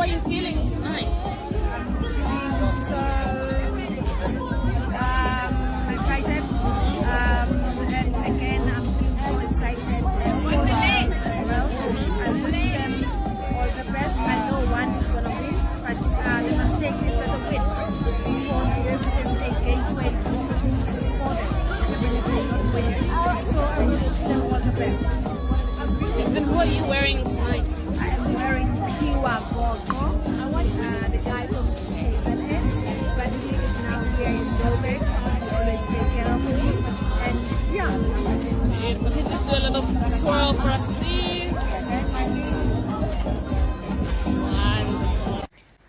How are you feeling tonight? Um, so, um, excited. Um, and again, I'm so excited for as well. I wish them all the best. I know one is going to win, but uh, they must take this as a win So I wish them all the best. And are you wearing tonight? Lua Boko, uh, the guy from KZN, but he is now here in Joburg. always care of me. And yeah. Can you just do a little swirl for us, please?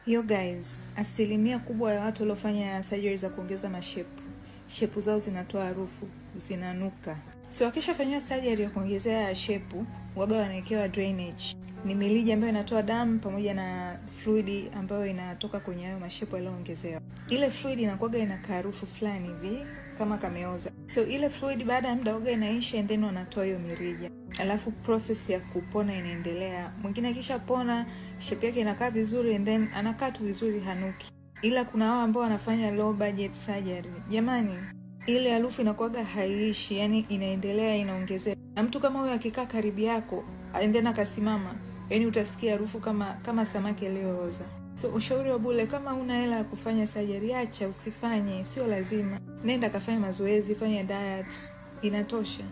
Yo guys, asilimia kubwa ya watu waliofanya surgery za kuongeza mashepu, shepu zao zinatoa harufu, zinanuka. So wakishafanywa surgery ya kuongezea shepu, waga wanawekewa drainage ni milija ambayo inatoa damu pamoja na fluidi ambayo inatoka kwenye hayo mashepo yaliyoongezewa. Ile fluidi inakuwaga ina kaharufu fulani hivi kama kameoza, so ile fluid baada ya muda uga inaisha, and wanatoa hiyo mirija, alafu proses ya kupona inaendelea. Mwingine akisha pona shepu yake inakaa vizuri, and then anakaa tu vizuri, hanuki. Ila kuna wao ambao wanafanya low budget surgery. Jamani, ile harufu inakuwaga haiishi, yani inaendelea, inaongezea Na mtu kama huyo akikaa karibu yako and akasimama yani utasikia harufu kama kama samaki aliyooza. So ushauri wa bule kama una hela ya kufanya sajari acha, usifanye, sio lazima. Nenda kafanya mazoezi, fanya diet, inatosha.